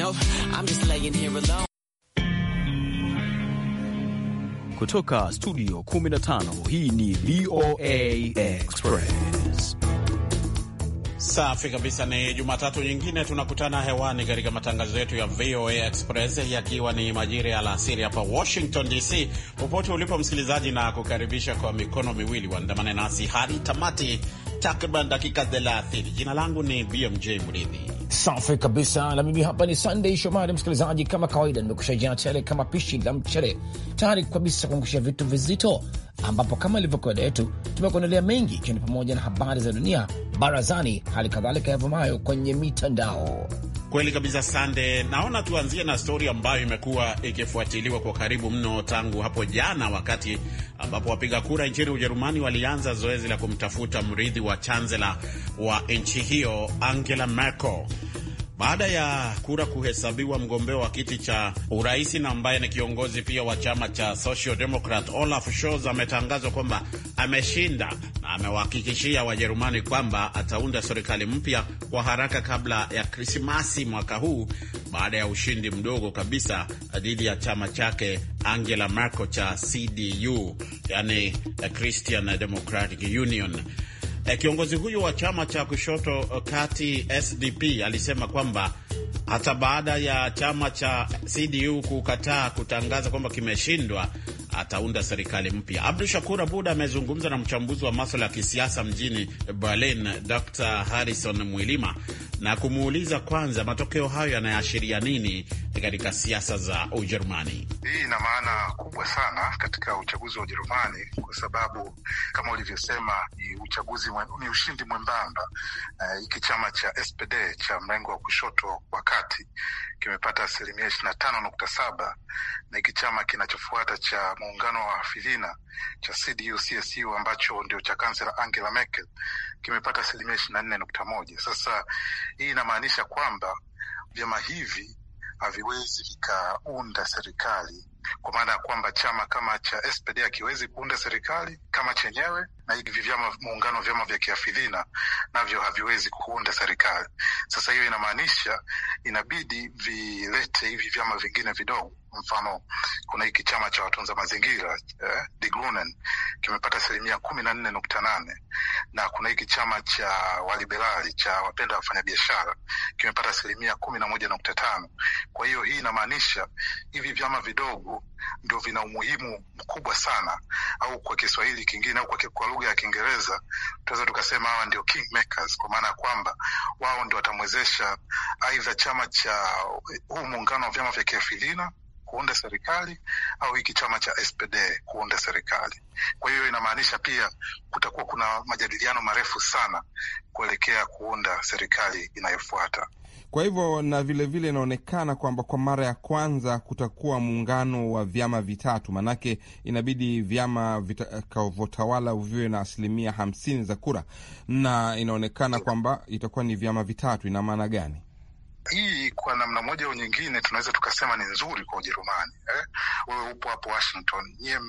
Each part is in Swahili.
know, I'm just laying here alone. Kutoka studio 15 hii ni VOA Express. Safi kabisa, ni Jumatatu nyingine tunakutana hewani katika matangazo yetu ya VOA Express yakiwa ni majira ya alasiri hapa Washington DC. Popote ulipo msikilizaji, na kukaribisha kwa mikono miwili, waandamane nasi hadi tamati, takriban dakika 30. Jina langu ni BMJ Mridhi Safi kabisa. Na mimi hapa ni Sunday Shomari, msikilizaji, kama kawaida nimekusha jaa tele kama pishi la mchele, tayari kabisa kuangushia vitu vizito ambapo kama ilivyo kawaida yetu tumekuandalia mengi, ikiwa ni pamoja na habari za dunia, barazani, hali kadhalika yavumayo kwenye mitandao. Kweli kabisa, Sande. Naona tuanzie na stori ambayo imekuwa ikifuatiliwa kwa karibu mno tangu hapo jana, wakati ambapo wapiga kura nchini Ujerumani walianza zoezi la kumtafuta mrithi wa chansela wa nchi hiyo Angela Merkel. Baada ya kura kuhesabiwa, mgombea wa kiti cha urais na ambaye ni kiongozi pia wa chama cha Social Democrat Olaf Scholz ametangazwa kwamba ameshinda na amewahakikishia Wajerumani kwamba ataunda serikali mpya kwa haraka kabla ya Krismasi mwaka huu baada ya ushindi mdogo kabisa dhidi ya chama chake Angela Merkel cha CDU, yani Christian Democratic Union. Eh, kiongozi huyo wa chama cha kushoto eh, kati SDP alisema kwamba hata baada ya chama cha CDU kukataa kutangaza kwamba kimeshindwa ataunda serikali mpya. Abdu Shakur Abud amezungumza na mchambuzi wa maswala ya kisiasa mjini Berlin, Dr Harrison Mwilima, na kumuuliza kwanza matokeo hayo yanayoashiria nini katika siasa za Ujerumani. Hii ina maana kubwa sana katika uchaguzi wa Ujerumani kwa sababu kama ulivyosema, ni uchaguzi ni ushindi mwembamba. Eh, hiki uh, chama cha SPD cha mrengo wa kushoto wa kati kimepata asilimia ishirini na tano nukta saba na hiki chama kinachofuata cha muungano wa fidhina cha CDU CSU ambacho ndio cha kansela Angela Merkel kimepata asilimia ishirini na nne nukta moja. Sasa hii inamaanisha kwamba vyama hivi haviwezi vikaunda serikali kwa maana ya kwamba chama kama cha SPD hakiwezi kuunda serikali kama chenyewe, na hivi vyama muungano wa vyama vya kiafidhina navyo haviwezi kuunda serikali. Sasa hiyo inamaanisha inabidi vilete hivi vyama vingine vidogo Mfano, kuna hiki chama cha watunza mazingira eh, Grunen kimepata asilimia kumi na nne nukta nane na kuna hiki chama cha waliberali cha wapenda wafanyabiashara kimepata asilimia kumi na moja nukta tano. Kwa hiyo hii inamaanisha hivi vyama vidogo ndio vina umuhimu mkubwa sana, au kwa Kiswahili kingine au kwa lugha ya Kiingereza tunaweza tukasema hawa ndio kingmakers, kwa maana ya kwamba wao ndio watamwezesha aidha chama cha huu muungano wa vyama vya kiafilina kuunda serikali au hiki chama cha SPD kuunda serikali. Kwa hiyo inamaanisha pia kutakuwa kuna majadiliano marefu sana kuelekea kuunda serikali inayofuata. Kwa hivyo na vilevile inaonekana vile kwamba kwa mara ya kwanza kutakuwa muungano wa vyama vitatu, maanake inabidi vyama vitakavyotawala viwe na asilimia hamsini za kura, na inaonekana kwamba itakuwa ni vyama vitatu. Ina maana gani? hii kwa namna moja au nyingine tunaweza tukasema ni nzuri kwa Ujerumani. Eh, wewe upo hapo Washington, nyie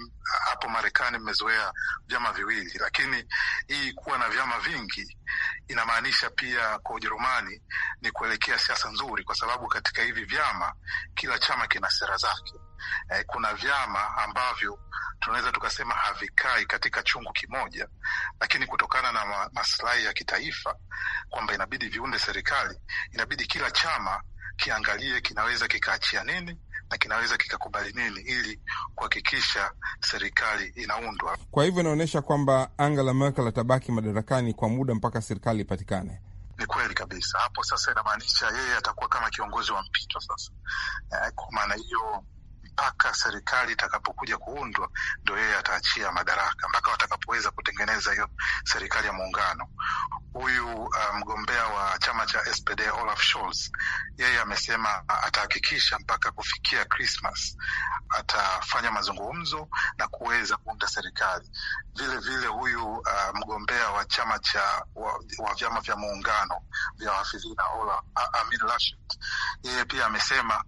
hapo Marekani mmezoea vyama viwili, lakini hii kuwa na vyama vingi inamaanisha pia kwa Ujerumani ni kuelekea siasa nzuri, kwa sababu katika hivi vyama kila chama kina sera zake. Eh, kuna vyama ambavyo tunaweza tukasema havikai katika chungu kimoja, lakini kutokana na maslahi ya kitaifa kwamba inabidi viunde serikali, inabidi kila chama chama kiangalie kinaweza kikaachia nini na kinaweza kikakubali nini ili kuhakikisha serikali inaundwa. Kwa hivyo inaonyesha kwamba Angela Merkel atabaki madarakani kwa muda mpaka serikali ipatikane. Ni kweli kabisa. Hapo sasa inamaanisha yeye atakuwa kama kiongozi wa mpito sasa. Eh, kwa maana hiyo mpaka serikali itakapokuja kuundwa ndo yeye ataachia madaraka mpaka watakapoweza kutengeneza hiyo serikali ya muungano. Huyu uh, mgombea um, wa chama cha SPD Olaf Scholz, yeye amesema atahakikisha mpaka kufikia christmas atafanya mazungumzo na kuweza kuunda serikali. Vile vile huyu uh, mgombea wa chama cha wa, wa vyama vya muungano vya wahafidhina Amin Laschet, yeye pia amesema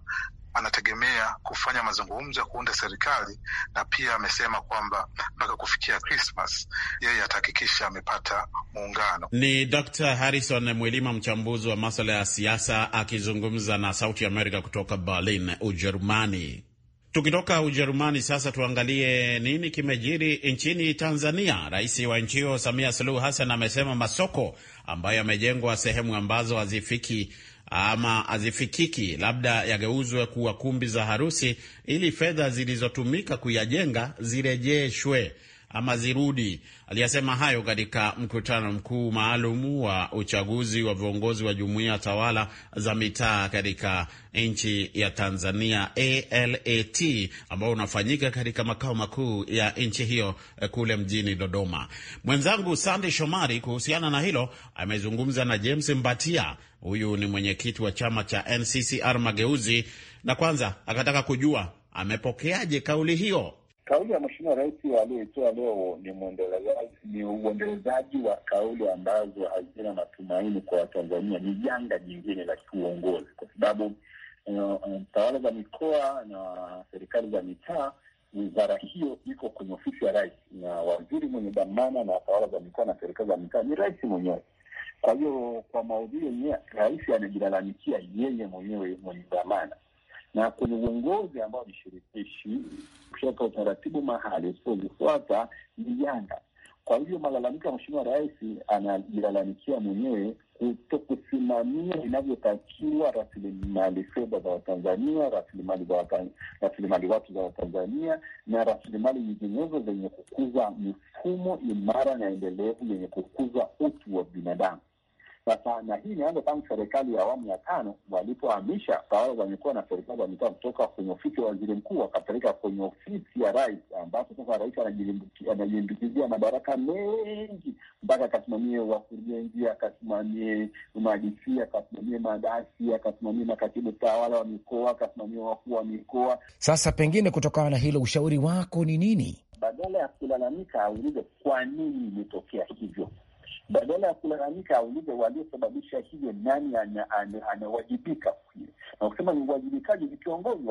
anategemea kufanya mazungumzo ya kuunda serikali, na pia amesema kwamba mpaka kufikia Krismas yeye atahakikisha amepata muungano. Ni Dr. Harrison Mwilima, mchambuzi wa maswala ya siasa, akizungumza na Sauti ya Amerika kutoka Berlin, Ujerumani. Tukitoka Ujerumani sasa, tuangalie nini kimejiri nchini Tanzania. Rais wa nchi hiyo Samia Suluhu Hassan amesema masoko ambayo yamejengwa sehemu ambazo hazifiki ama hazifikiki, labda yageuzwe kuwa kumbi za harusi ili fedha zilizotumika kuyajenga zirejeshwe ama zirudi. Aliyasema hayo katika mkutano mkuu maalum wa uchaguzi wa viongozi wa jumuiya tawala za mitaa katika nchi ya Tanzania ALAT, ambao unafanyika katika makao makuu ya nchi hiyo eh, kule mjini Dodoma. Mwenzangu sandi Shomari kuhusiana na hilo amezungumza na James Mbatia, huyu ni mwenyekiti wa chama cha NCCR Mageuzi, na kwanza akataka kujua amepokeaje kauli hiyo. Kauli ya Mheshimiwa Rais aliyoitoa leo ni ni uendelezaji wa kauli ambazo hazina matumaini kwa Watanzania. Ni janga jingine la kiuongozi, kwa sababu eh, tawala za mikoa na serikali za mitaa, wizara hiyo iko kwenye ofisi ya rais, na waziri mwenye dhamana na tawala za mikoa na serikali za mitaa ni rais mwenyewe. Kwa hiyo, kwa maudhui yenyewe, rais anajilalamikia yeye mwenyewe mwenye dhamana na kwenye uongozi ambao ni shirikishi, kushaweka utaratibu mahali usiozifuata ni janga. Kwa hivyo malalamiko ya Mheshimiwa Rais anajilalamikia mwenyewe kuto kusimamia inavyotakiwa rasilimali fedha za Watanzania, rasilimali za watan, rasilimali watu za Watanzania na rasilimali nyinginezo zenye kukuza mifumo imara na endelevu yenye kukuza utu wa binadamu. Sasa na hii imeanza tangu serikali ya awamu ya tano walipohamisha tawala za mikoa na serikali za mitaa kutoka kwenye ofisi ya waziri mkuu wakapeleka kwenye ofisi ya rais, ambapo sasa rais anajilimbikizia madaraka mengi, mpaka akasimamie wakurugenzi, akasimamie madisi, akasimamie madasi, akasimamie makatibu tawala wa mikoa, akasimamie wakuu wa mikoa. Sasa pengine kutokana na hilo, ushauri wako ni nini? Badala ya kulalamika, aulize kwa nini imetokea hivyo badala ya kulalamika, aulize waliosababisha hiyo nani anawajibika. Na kusema ni uwajibikaji ni kiongozi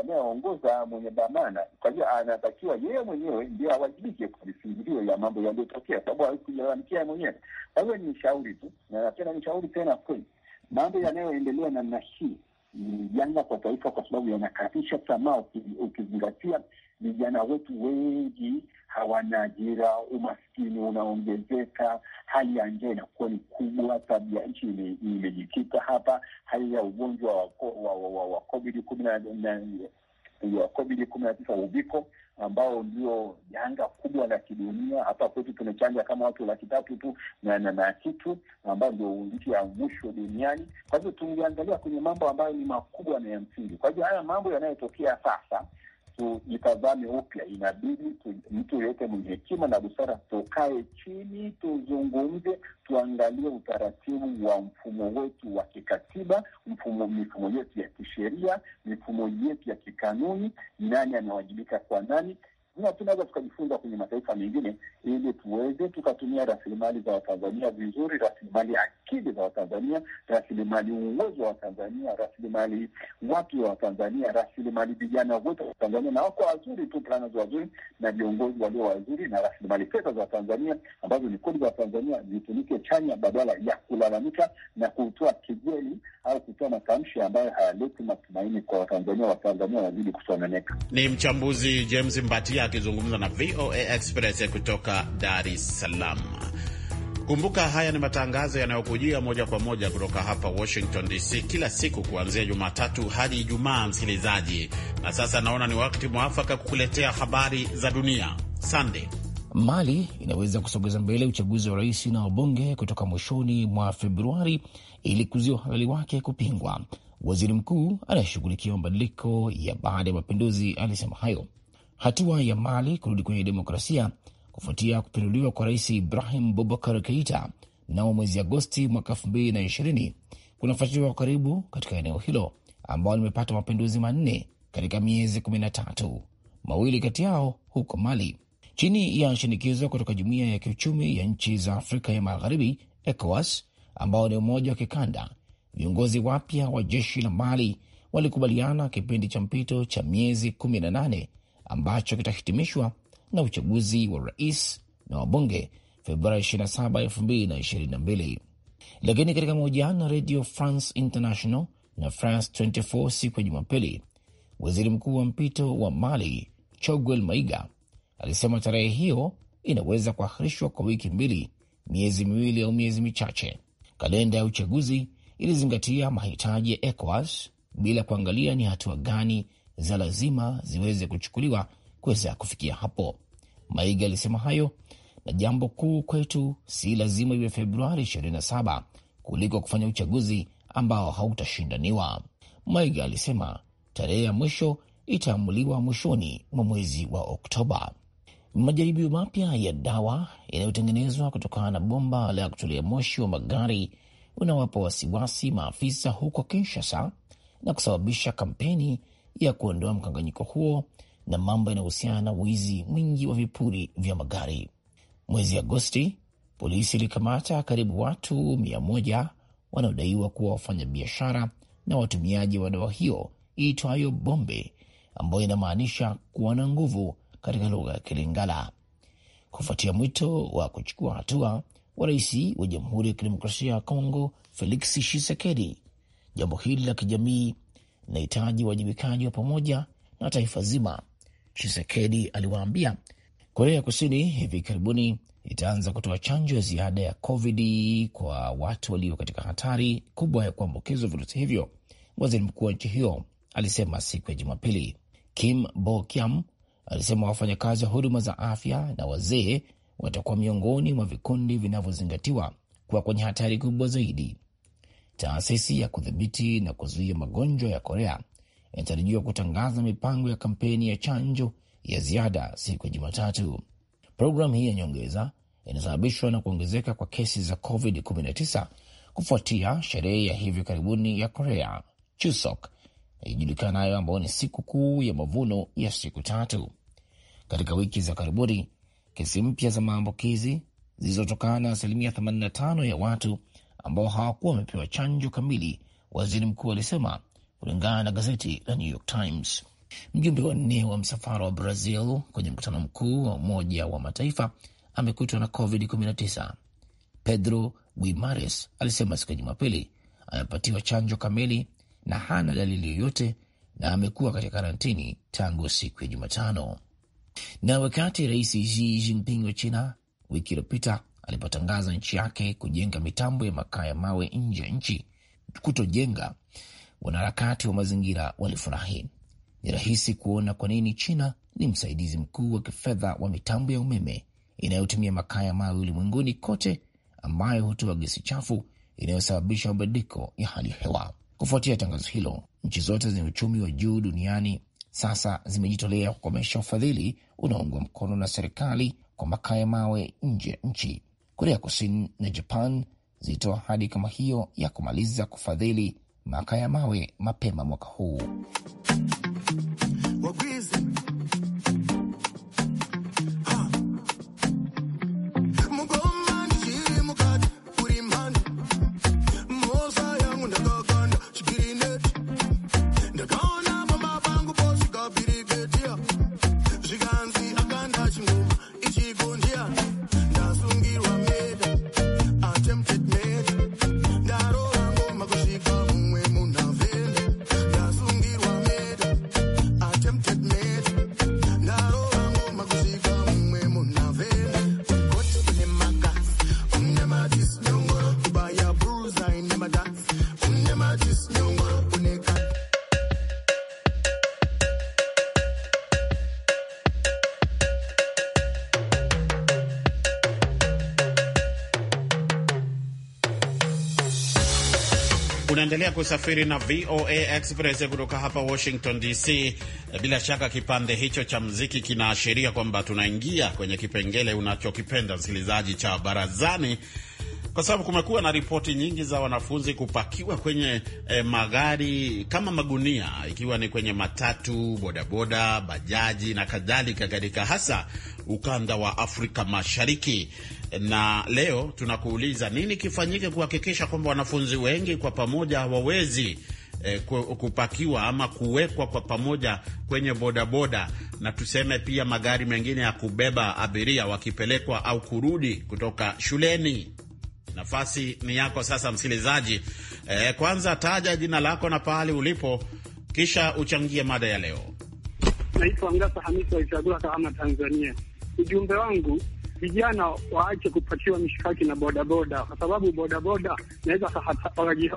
anayeongoza mwenye dhamana. Kwa hiyo anatakiwa yeye mwenyewe ndio awajibike kwa visingizio ya mambo yaliyotokea, sababu hawezi ye mwenyewe. Kwa hiyo ni shauri tu, na ni shauri tena kweli, mambo yanayoendelea namna hii ni janga kwa taifa, kwa sababu yanakatisha tamaa, ukizingatia vijana wetu wengi hawana ajira, umaskini unaongezeka, hali ya njaa inakuwa ni kubwa. Tabia nchi imejikita hapa, hali ya ugonjwa wa covid kumi na tisa uviko ambao ndio janga kubwa la kidunia hapa kwetu. Tumechanja kama watu laki tatu tu na na na kitu, ambayo ndio nchi ya mwisho duniani. Kwa hivyo tungeangalia kwenye mambo ambayo ni makubwa na ya msingi. Kwa hivyo haya mambo yanayotokea sasa tuitazame upya. Inabidi tu, mtu yoyote mwenye hekima na busara, tukae chini, tuzungumze, tuangalie utaratibu wa mfumo wetu wa kikatiba, mfumo mifumo yetu ya kisheria, mifumo yetu ya kikanuni, nani anawajibika kwa nani na tunaweza tukajifunza kwenye mataifa mengine, ili tuweze tukatumia rasilimali za Watanzania vizuri, rasilimali akili za Watanzania, rasilimali uwezo wa Watanzania, rasilimali watu wa Watanzania, rasilimali vijana wote wa Tanzania, na wako wazuri tu plana wazuri na viongozi walio wazuri, na rasilimali pesa za Watanzania ambazo ni kodi za Watanzania zitumike chanya, badala ya kulalamika na kutoa kejeli au kutoa matamshi ambayo hayaleti matumaini kwa Watanzania. Watanzania wazidi kusononeka. Ni mchambuzi James Mbatia akizungumza na VOA Express kutoka Dar es Salaam. Kumbuka, haya ni matangazo yanayokujia moja kwa moja kutoka hapa Washington DC kila siku kuanzia Jumatatu hadi Ijumaa, msikilizaji. Na sasa naona ni wakati mwafaka kukuletea habari za dunia. Sande. Mali inaweza kusogeza mbele uchaguzi wa rais na wabunge kutoka mwishoni mwa Februari ili kuzuia uhalali wake kupingwa. Waziri mkuu anayeshughulikia mabadiliko ya baada ya mapinduzi alisema hayo hatua ya Mali kurudi kwenye demokrasia kufuatia kupinduliwa kwa rais Ibrahim Bubakar Keita mnamo mwezi Agosti mwaka 2020 kunafuatiliwa kwa karibu katika eneo hilo ambao limepata mapinduzi manne katika miezi 13, mawili kati yao huko Mali chini ya shinikizo kutoka jumuiya ya kiuchumi ya nchi za Afrika ya Magharibi, ECOWAS, ambao ni umoja wa kikanda. Viongozi wapya wa jeshi la Mali walikubaliana kipindi cha mpito cha miezi nane ambacho kitahitimishwa na uchaguzi wa rais na wabunge Februari 27, 2022. Lakini katika mahojiano na Radio France International na France 24 siku ya Jumapili, waziri mkuu wa mpito wa Mali Choguel Maiga alisema tarehe hiyo inaweza kuahirishwa kwa wiki mbili, miezi miwili au miezi michache. Kalenda ya uchaguzi ilizingatia mahitaji ya ECOWAS bila kuangalia ni hatua gani za lazima ziweze kuchukuliwa kuweza kufikia hapo. Maiga alisema hayo, na jambo kuu kwetu si lazima iwe Februari 27 kuliko kufanya uchaguzi ambao hautashindaniwa. Maiga alisema tarehe ya mwisho itaamuliwa mwishoni mwa mwezi wa Oktoba. Majaribio mapya ya dawa yanayotengenezwa kutokana na bomba la kutulia moshi wa magari unawapa wasiwasi maafisa huko Kinshasa na kusababisha kampeni ya kuondoa mkanganyiko huo na mambo yanayohusiana na wizi mwingi wa vipuri vya magari. Mwezi Agosti, polisi ilikamata karibu watu mia moja wanaodaiwa kuwa wafanyabiashara na watumiaji wa dawa hiyo iitwayo bombe, ambayo inamaanisha kuwa na nguvu katika lugha ya Kilingala, kufuatia mwito wa kuchukua hatua wa rais wa Jamhuri ya Kidemokrasia ya Kongo Feliksi Shisekedi. Jambo hili la kijamii inahitaji uwajibikaji wa pamoja na taifa zima, Chisekedi aliwaambia. Korea ya Kusini hivi karibuni itaanza kutoa chanjo ya ziada ya COVID kwa watu walio katika hatari kubwa ya kuambukizwa virusi hivyo, waziri mkuu wa nchi hiyo alisema siku ya Jumapili. Kim Bo alisema wafanyakazi wa huduma za afya na wazee watakuwa miongoni mwa vikundi vinavyozingatiwa kuwa kwenye hatari kubwa zaidi Taasisi ya kudhibiti na kuzuia magonjwa ya Korea inatarajiwa kutangaza mipango ya kampeni ya chanjo ya ziada siku ya Jumatatu. Programu hii ya nyongeza inasababishwa na kuongezeka kwa kesi za COVID-19 kufuatia sherehe ya hivi karibuni ya Korea Chusok ijulikanayo ambayo ni siku kuu ya mavuno ya siku tatu. Katika wiki za karibuni, kesi mpya za maambukizi zilizotokana na asilimia 85 ya watu ambao hawakuwa wamepewa chanjo kamili, waziri mkuu alisema, kulingana na gazeti la New York Times. Mjumbe wa nne wa msafara wa Brazil kwenye mkutano mkuu wa Umoja wa Mataifa amekutwa na COVID-19. Pedro Guimares alisema siku ya Jumapili amepatiwa chanjo kamili na hana dalili yoyote na amekuwa katika karantini tangu siku ya Jumatano. Na wakati Rais Xi Jinping wa China wiki iliyopita alipotangaza nchi yake kujenga mitambo ya makaa ya mawe nje ya nchi kutojenga, wanaharakati wa mazingira walifurahi. Ni rahisi kuona kwa nini China ni msaidizi mkuu wa kifedha wa mitambo ya umeme inayotumia makaa ya mawe ulimwenguni kote, ambayo hutoa gesi chafu inayosababisha mabadiliko ya hali ya hewa. Kufuatia tangazo hilo, nchi zote zenye uchumi wa juu duniani sasa zimejitolea kukomesha ufadhili unaoungwa mkono na serikali kwa makaa ya mawe nje ya nchi. Korea Kusini na Japan zilitoa ahadi kama hiyo ya kumaliza kufadhili maka ya mawe mapema mwaka huu. Unaendelea kusafiri na VOA Express kutoka hapa Washington DC. Bila shaka kipande hicho cha mziki kinaashiria kwamba tunaingia kwenye kipengele unachokipenda msikilizaji, cha barazani, kwa sababu kumekuwa na ripoti nyingi za wanafunzi kupakiwa kwenye eh, magari kama magunia, ikiwa ni kwenye matatu, bodaboda, bajaji na kadhalika, katika hasa ukanda wa Afrika Mashariki na leo tunakuuliza nini kifanyike kuhakikisha kwamba wanafunzi wengi kwa pamoja hawawezi eh, kupakiwa ama kuwekwa kwa pamoja kwenye bodaboda na tuseme pia magari mengine ya kubeba abiria wakipelekwa au kurudi kutoka shuleni. Nafasi ni yako sasa, msikilizaji. Eh, kwanza taja jina lako na pahali ulipo, kisha uchangie mada ya leo. Naitwa Ngasa Hamisi wa Kahama, Tanzania. Ujumbe wangu vijana waache kupatiwa mishikaki na bodaboda, kwa sababu bodaboda naweza wakahatarisha,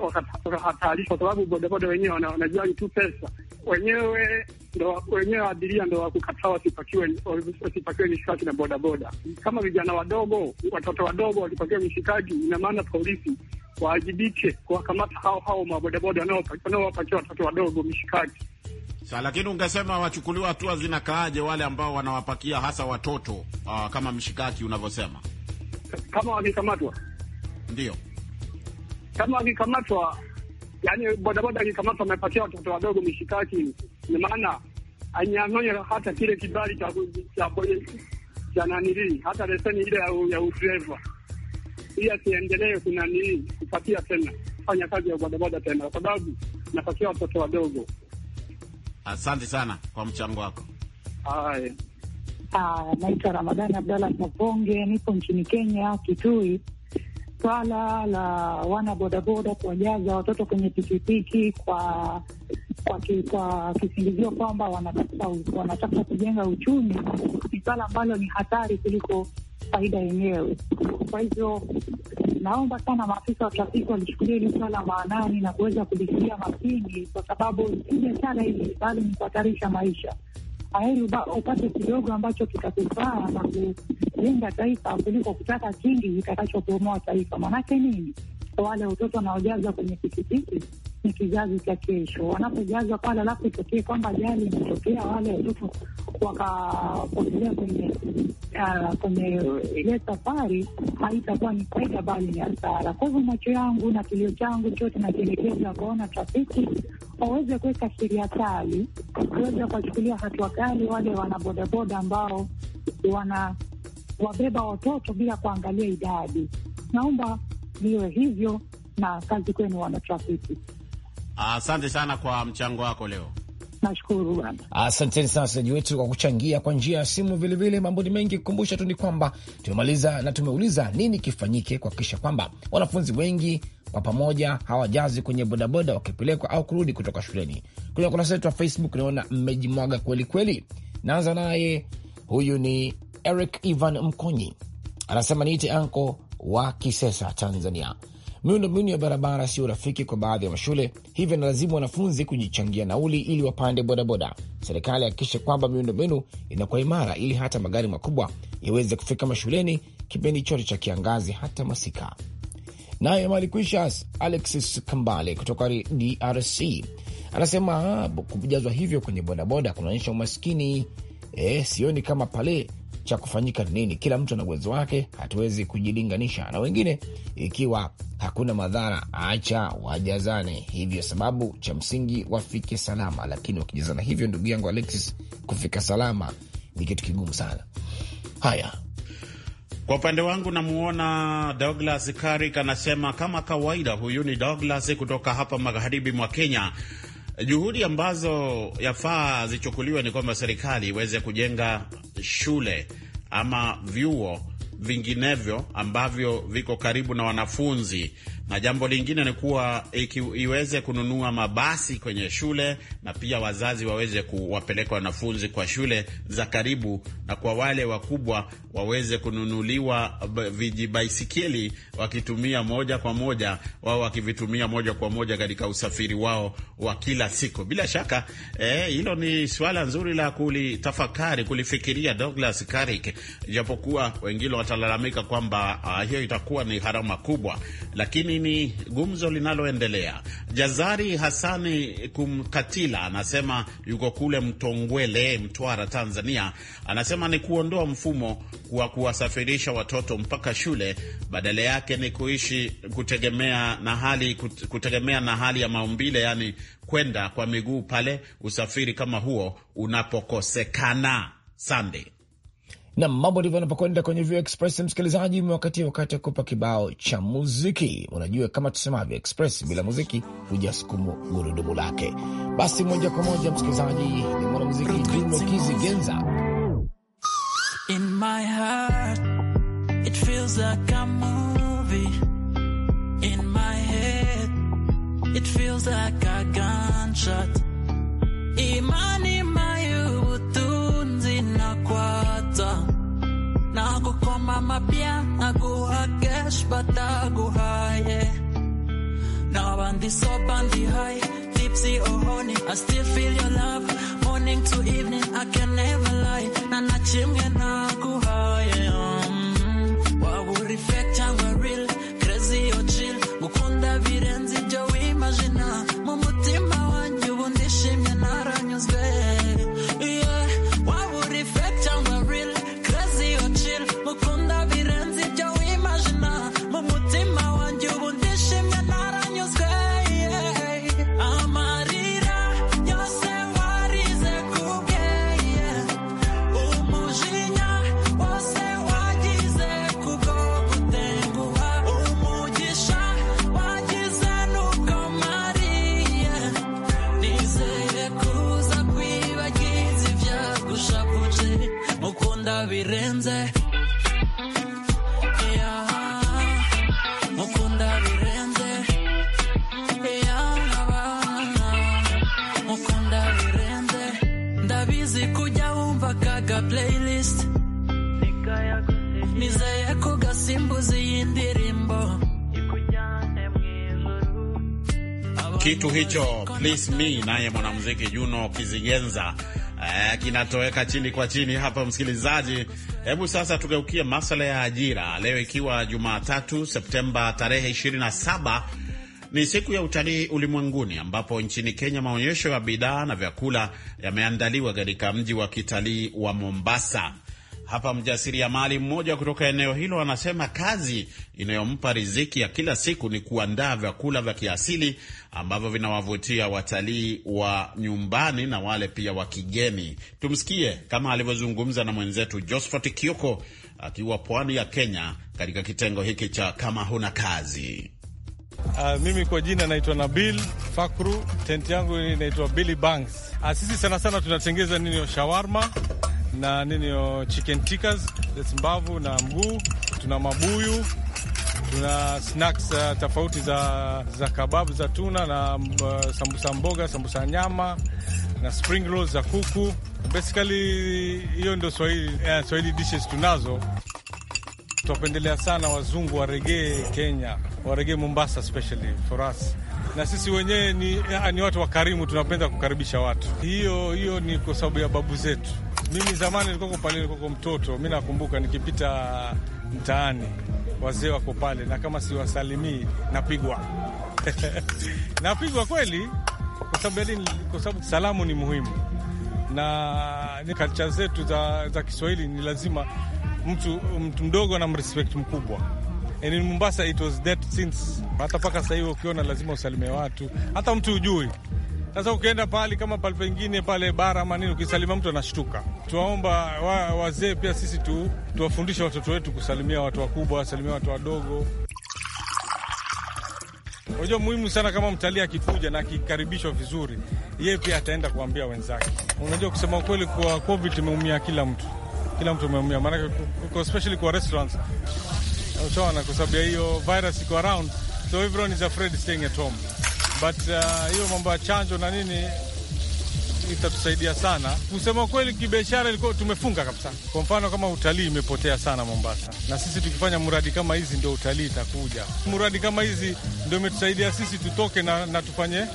kwa sababu bodaboda wenyewe wanajali tu pesa wenyewe ndo wenyewe abiria ndo wakukataa wasipakiwe mishikaki na bodaboda. Kama vijana wadogo, watoto wadogo wakipakiwa mishikaki, ina maana polisi waajibike kuwakamata hao hao mabodaboda wanaowapakia watoto wadogo mishikaki. Sa, lakini ungesema wachukuliwa hatua zinakaaje wale ambao wanawapakia hasa watoto uh, kama mshikaki unavyosema, kama wakikamatwa? Ndio, kama wakikamatwa, yani bodaboda akikamatwa amepatia watoto wadogo mishikaki, ni maana anyang'onye hata kile kibali cha cha nanili hata leseni ile ya udreva, ili asiendelee kunanilii kupatia tena, fanya kazi ya bodaboda tena, kwa sababu napatia watoto wadogo Asante sana kwa mchango wako. Ah, naitwa Ramadhani Abdalla Mwaponge, nipo nchini Kenya, Kitui. Swala la wana bodaboda kuwajaza watoto kwenye pikipiki kwa kwa, ki, kwa kisingizio kwamba wanatafuta kujenga uchumi ni swala ambalo ni hatari kuliko faida yenyewe. Kwa hivyo naomba sana maafisa wa trafiki walichukulia hili swala maanani na kuweza kulisikia makini, kwa sababu si biashara hili, bali ni kuhatarisha maisha. Aheri upate kidogo ambacho kitakufaa na kujenga taifa kuliko kutaka kingi kitakachokuomoa taifa. Maanake nini? kwa wale watoto wanaojazwa kwenye pikipiki ni kizazi cha kesho. Wanapojazwa pale, alafu itokee kwamba ajali imetokea, wale watoto wakapotelea kwenye uh, kwenye ile safari, haitakuwa ni faida bali ni hasara. Kwa hivyo macho yangu na kilio changu chote nakielekeza kuona trafiki waweze kuweka sheria kali, kuweza kuwachukulia hatua kali wale wanabodaboda ambao wana wabeba watoto bila kuangalia idadi. Naomba liwe hivyo na kazi kwenu trafiki. Asante sana kwa mchango wako leo. Asanteni sana wasikilizaji wetu kwa kuchangia kwa njia ya simu. Vilevile mambo ni mengi, kukumbusha tu ni kwamba tumemaliza na tumeuliza nini kifanyike kuhakikisha kwamba wanafunzi wengi kwa pamoja hawajazi kwenye bodaboda wakipelekwa au kurudi kutoka shuleni. Kwenye ukurasa wetu wa Facebook naona mmejimwaga kweli kweli. Naanza naye, huyu ni Eric Ivan Mkonyi, anasema niite anko wa Kisesa, Tanzania. Miundombinu ya barabara siyo rafiki kwa baadhi ya mashule, hivyo inalazimu wanafunzi kujichangia nauli ili wapande bodaboda. Serikali hakikishe kwamba miundombinu inakuwa imara ili hata magari makubwa yaweze kufika mashuleni kipindi chote cha kiangazi, hata masika. Naye malikwisha Alexis Kambale kutoka DRC anasema ah, kujazwa hivyo kwenye bodaboda kunaonyesha umaskini. E, sioni kama pale cha kufanyika nini. Kila mtu ana uwezo wake, hatuwezi kujilinganisha na wengine. Ikiwa hakuna madhara, acha wajazane hivyo, sababu cha msingi wafike salama. Lakini wakijazana hivyo, ndugu yangu Alexis, kufika salama ni kitu kigumu sana. Haya, kwa upande wangu namuona Douglas Karik anasema kama kawaida, huyu ni Douglas kutoka hapa magharibi mwa Kenya Juhudi ambazo yafaa zichukuliwe ni kwamba serikali iweze kujenga shule ama vyuo vinginevyo ambavyo viko karibu na wanafunzi na jambo lingine ni kuwa iweze kununua mabasi kwenye shule na pia wazazi waweze kuwapeleka wanafunzi kwa shule za karibu, na kwa wale wakubwa waweze kununuliwa vijibaisikeli wakitumia moja kwa moja, wao wakivitumia moja kwa moja katika usafiri wao wa kila siku. Bila shaka eh, hilo eh, ni suala nzuri la kulitafakari, kulifikiria Douglas Karik, japokuwa wengine watalalamika kwamba ah, hiyo itakuwa ni gharama kubwa, lakini nini gumzo linaloendelea. Jazari Hasani Kumkatila anasema yuko kule Mtongwele, Mtwara, Tanzania. Anasema ni kuondoa mfumo wa kuwasafirisha watoto mpaka shule, badala yake ni kuishi kutegemea na hali, kutegemea na hali ya maumbile, yani kwenda kwa miguu pale usafiri kama huo unapokosekana. Sande na mambo ndivyo anapokwenda kwenye Vio Express. Msikilizaji, wakati wakati wa kupa kibao cha muziki. Unajua kama tusemavyo, Express bila muziki hujasukumu gurudumu lake. Basi moja kwa moja, msikilizaji, ni mwanamuziki Juma Kizigenza Imani But go high, yeah. Now I'm this up and the high, tipsy or honey. I still feel your love, morning to evening. I can never lie. Now, not chimney. Please Me naye mwanamuziki Juno Kizigenza. Uh, kinatoweka chini kwa chini hapa msikilizaji. Hebu sasa tugeukie masala ya ajira leo, ikiwa Jumatatu Septemba tarehe 27 ni siku ya utalii ulimwenguni, ambapo nchini Kenya maonyesho ya bidhaa na vyakula yameandaliwa katika mji wa kitalii wa Mombasa. Hapa mjasiriamali mmoja kutoka eneo hilo anasema kazi inayompa riziki ya kila siku ni kuandaa vyakula vya kiasili ambavyo vinawavutia watalii wa nyumbani na wale pia wa kigeni. Tumsikie kama alivyozungumza na mwenzetu Josphat Kioko akiwa pwani ya Kenya katika kitengo hiki cha kama huna kazi. Uh, mimi kwa jina naitwa Nabil Fakru, tenti yangu inaitwa Billy Banks. Uh, sisi sana sana tunatengeza nini shawarma na nini yo, chicken tikas mbavu na mguu, tuna mabuyu, tuna snacks uh, tofauti za, za kababu za tuna na uh, sambusa mboga, sambusa nyama na spring rolls za kuku. Basically hiyo ndio Swahili, uh, Swahili dishes tunazo. Tunapendelea sana wazungu waregee Kenya, waregee Mombasa especially for us na sisi wenyewe ni, uh, ni watu wakarimu, tunapenda kukaribisha watu. Hiyo hiyo ni kwa sababu ya babu zetu. Mimi zamani nilikoko pale, nilikoko mtoto, mi nakumbuka nikipita mtaani wazee wako pale, na kama siwasalimii napigwa napigwa kweli, kwa sababu salamu ni muhimu na ni kalcha zetu za, za Kiswahili ni lazima mtu, mtu mdogo na mrespect mkubwa. And in Mombasa it was that since hata mpaka sahii ukiona lazima usalime watu, hata mtu ujui sasa ukienda pahali kama pale pengine pale bara ama nini, ukisalimia mtu anashtuka. Tuwaomba wa, wazee pia sisi tu tuwafundishe watoto wetu kusalimia watu wakubwa, wasalimia watu wadogo. Unajua muhimu sana kama mtalii akikuja na akikaribishwa vizuri, yeye pia ataenda kuambia wenzake. Unajua, kusema ukweli, kwa COVID imeumia kila mtu, kila mtu umeumia, maanake especially kwa restaurants, utaona kwa sababu ya hiyo virus iko around, so everyone is afraid staying at home but uh, hiyo uh, mambo ya chanjo na nini itatusaidia sana. Kusema kweli, kibiashara ilikuwa tumefunga kabisa. Kwa mfano kama utalii imepotea sana Mombasa, na sisi tukifanya mradi kama hizi ndio utalii itakuja. Mradi kama hizi ndio imetusaidia sisi tutoke na, na tufanye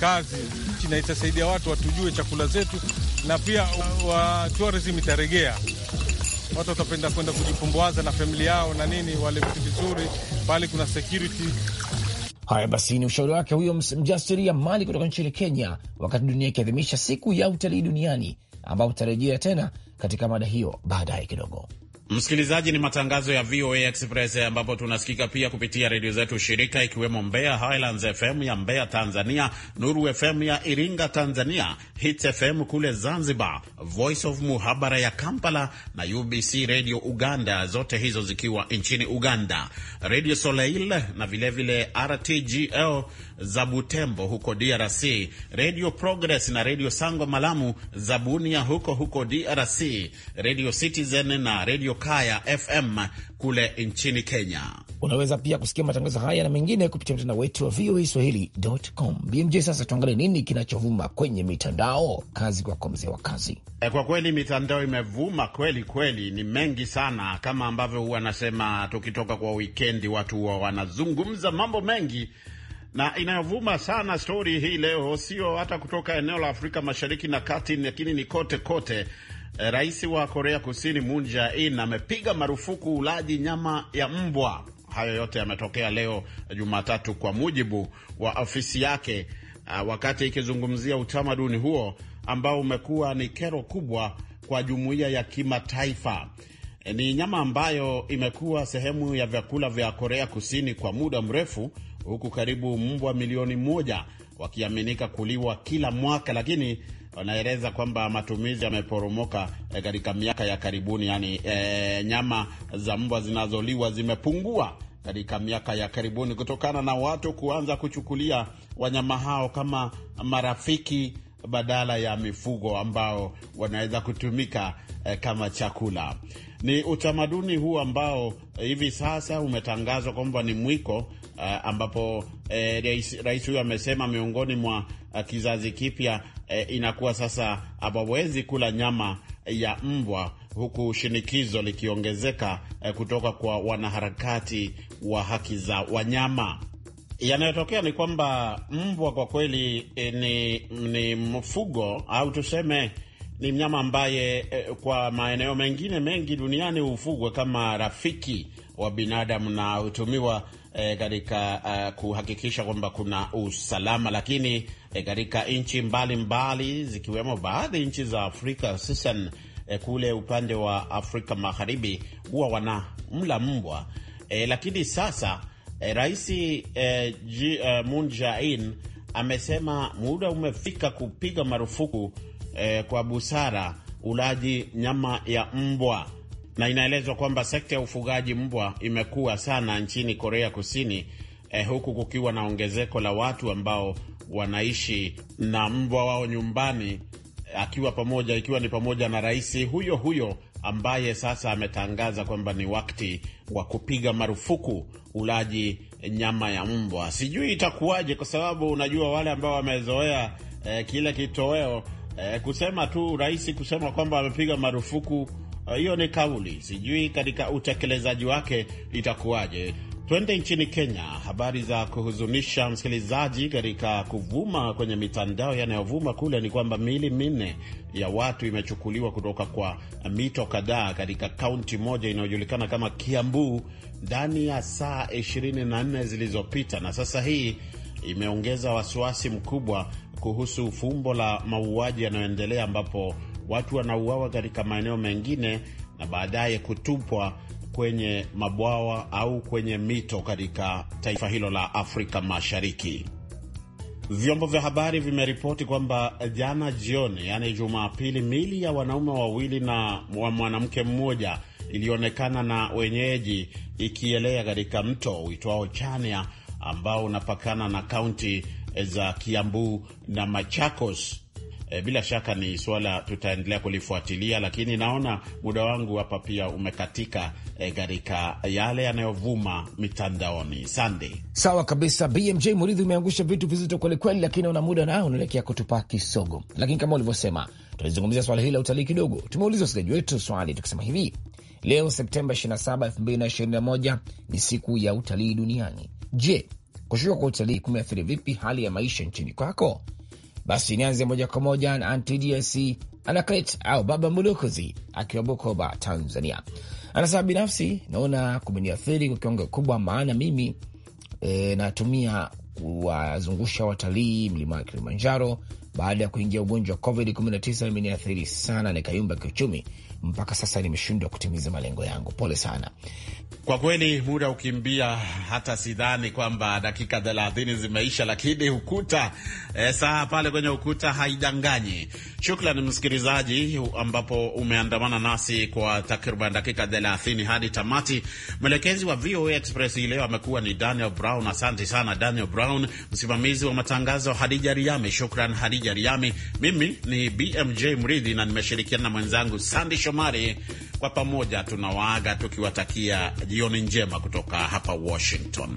kazi na itasaidia watu watujue chakula zetu, na pia uh, wa tourism itaregea, watu watapenda kwenda kujipumbaza na famili yao na nini, wale vitu vizuri pale, kuna security Haya basi, ni ushauri wake huyo mjasiria mali kutoka nchini Kenya, wakati dunia ikiadhimisha siku ya utalii duniani, ambao utarejea tena katika mada hiyo baadaye kidogo. Msikilizaji, ni matangazo ya VOA Express eh, ambapo tunasikika pia kupitia redio zetu shirika, ikiwemo Mbeya Highlands FM ya Mbeya Tanzania, Nuru FM ya Iringa Tanzania, Hit FM kule Zanzibar, Voice of Muhabara ya Kampala na UBC Radio Uganda, zote hizo zikiwa nchini Uganda, Radio Soleil na vilevile vile RTGL za Butembo huko DRC, Radio Progress na Radio Sango Malamu za Bunia huko huko DRC, Radio Citizen na Radio Kaya FM kule nchini Kenya. Unaweza pia kusikia matangazo haya na mengine kupitia mtandao wetu wa VOA Swahili.com. BMJ, sasa tuangalie nini kinachovuma kwenye mitandao. Kazi kwako mzee wa kazi. E, kwa kweli mitandao imevuma kweli kweli, ni mengi sana, kama ambavyo huwa anasema tukitoka kwa wikendi, watu huwa wanazungumza mambo mengi na inavuma sana stori hii leo, sio hata kutoka eneo la Afrika Mashariki na Kati, lakini ni kote kote. Eh, rais wa Korea Kusini Moon Jae-in amepiga marufuku ulaji nyama ya mbwa. Hayo yote yametokea leo Jumatatu, kwa mujibu wa ofisi yake, ah, wakati ikizungumzia utamaduni huo ambao umekuwa ni kero kubwa kwa jumuiya ya kimataifa. Eh, ni nyama ambayo imekuwa sehemu ya vyakula vya Korea Kusini kwa muda mrefu huku karibu mbwa milioni moja wakiaminika kuliwa kila mwaka, lakini wanaeleza kwamba matumizi yameporomoka eh, katika miaka ya karibuni. Yani e, nyama za mbwa zinazoliwa zimepungua katika miaka ya karibuni kutokana na watu kuanza kuchukulia wanyama hao kama marafiki badala ya mifugo ambao wanaweza kutumika e, kama chakula. Ni utamaduni huu ambao eh, hivi sasa umetangazwa kwamba ni mwiko uh, ambapo eh, rais huyo amesema miongoni mwa uh, kizazi kipya eh, inakuwa sasa hawawezi kula nyama ya mbwa huku shinikizo likiongezeka eh, kutoka kwa wanaharakati wa haki za wanyama. Yanayotokea ni kwamba mbwa kwa kweli eh, ni, ni mfugo au tuseme ni mnyama ambaye eh, kwa maeneo mengine mengi duniani hufugwa kama rafiki wa binadamu na hutumiwa eh, katika eh, kuhakikisha kwamba kuna usalama, lakini eh, katika nchi mbalimbali zikiwemo baadhi nchi za Afrika hususan eh, kule upande wa Afrika Magharibi huwa wana mla mbwa eh, lakini sasa eh, Rais eh, eh, Moon Jae-in amesema muda umefika kupiga marufuku eh, kwa busara ulaji nyama ya mbwa na inaelezwa kwamba sekta ya ufugaji mbwa imekuwa sana nchini Korea Kusini eh, huku kukiwa na ongezeko la watu ambao wanaishi na mbwa wao nyumbani akiwa pamoja, ikiwa ni pamoja na rais huyo huyo ambaye sasa ametangaza kwamba ni wakati wa kupiga marufuku ulaji nyama ya mbwa. Sijui itakuwaje, kwa sababu unajua wale ambao wamezoea eh, kile kitoweo eh, kusema tu rais kusema kwamba amepiga marufuku eh, hiyo, uh, ni kauli, sijui katika utekelezaji wake itakuwaje. Twende nchini Kenya. Habari za kuhuzunisha msikilizaji, katika kuvuma kwenye mitandao, yanayovuma kule ni kwamba miili minne ya watu imechukuliwa kutoka kwa mito kadhaa katika kaunti moja inayojulikana kama Kiambu ndani ya saa 24 zilizopita, na sasa hii imeongeza wasiwasi mkubwa kuhusu fumbo la mauaji yanayoendelea ambapo watu wanauawa katika maeneo mengine na baadaye kutupwa kwenye mabwawa au kwenye mito katika taifa hilo la Afrika Mashariki. Vyombo vya habari vimeripoti kwamba jana jioni, yaani Jumapili, mili ya wanaume wawili na wa mwanamke mmoja ilionekana na wenyeji ikielea katika mto uitwao Chania ambao unapakana na kaunti za Kiambu na Machakos. Eh, bila shaka ni suala tutaendelea kulifuatilia, lakini naona muda wangu hapa pia umekatika eh, katika e, yale yanayovuma mitandaoni. Sande, sawa kabisa. BMJ Muridhi, umeangusha vitu vizito kwelikweli, lakini una muda nao unaelekea kutupa kisogo. Lakini kama ulivyosema, tulizungumzia swala hili la utalii kidogo. Tumeuliza wasikilizaji wetu swali tukisema hivi, leo Septemba 27, 2021 ni siku ya utalii duniani. Je, kushuka kwa utalii kumeathiri vipi hali ya maisha nchini kwako? Basi nianze moja kwa moja na Antidias Anaclet au Baba Mulukuzi akiwa Bukoba, Tanzania. Anasema binafsi naona kumeniathiri kwa kiwango kikubwa, maana mimi e, natumia kuwazungusha watalii mlima wa Kilimanjaro. Baada ya kuingia ugonjwa wa COVID-19 imeniathiri sana, nikayumba kiuchumi mpaka sasa nimeshindwa kutimiza malengo yangu. Pole sana kwa kweli, muda ukimbia, hata sidhani kwamba dakika thelathini zimeisha, lakini ukuta e, saa pale kwenye ukuta haidanganyi. Shukran msikilizaji, ambapo umeandamana nasi kwa takriban dakika thelathini hadi tamati. Mwelekezi wa VOA Express hii leo amekuwa ni Daniel Brown. Asante sana Daniel Brown. Msimamizi wa matangazo Hadija Riami. Shukran Hadija Riami. Mimi ni BMJ Mridhi na nimeshirikiana na mwenzangu Sandy Shomari. Kwa pamoja tunawaaga tukiwatakia jioni njema kutoka hapa Washington.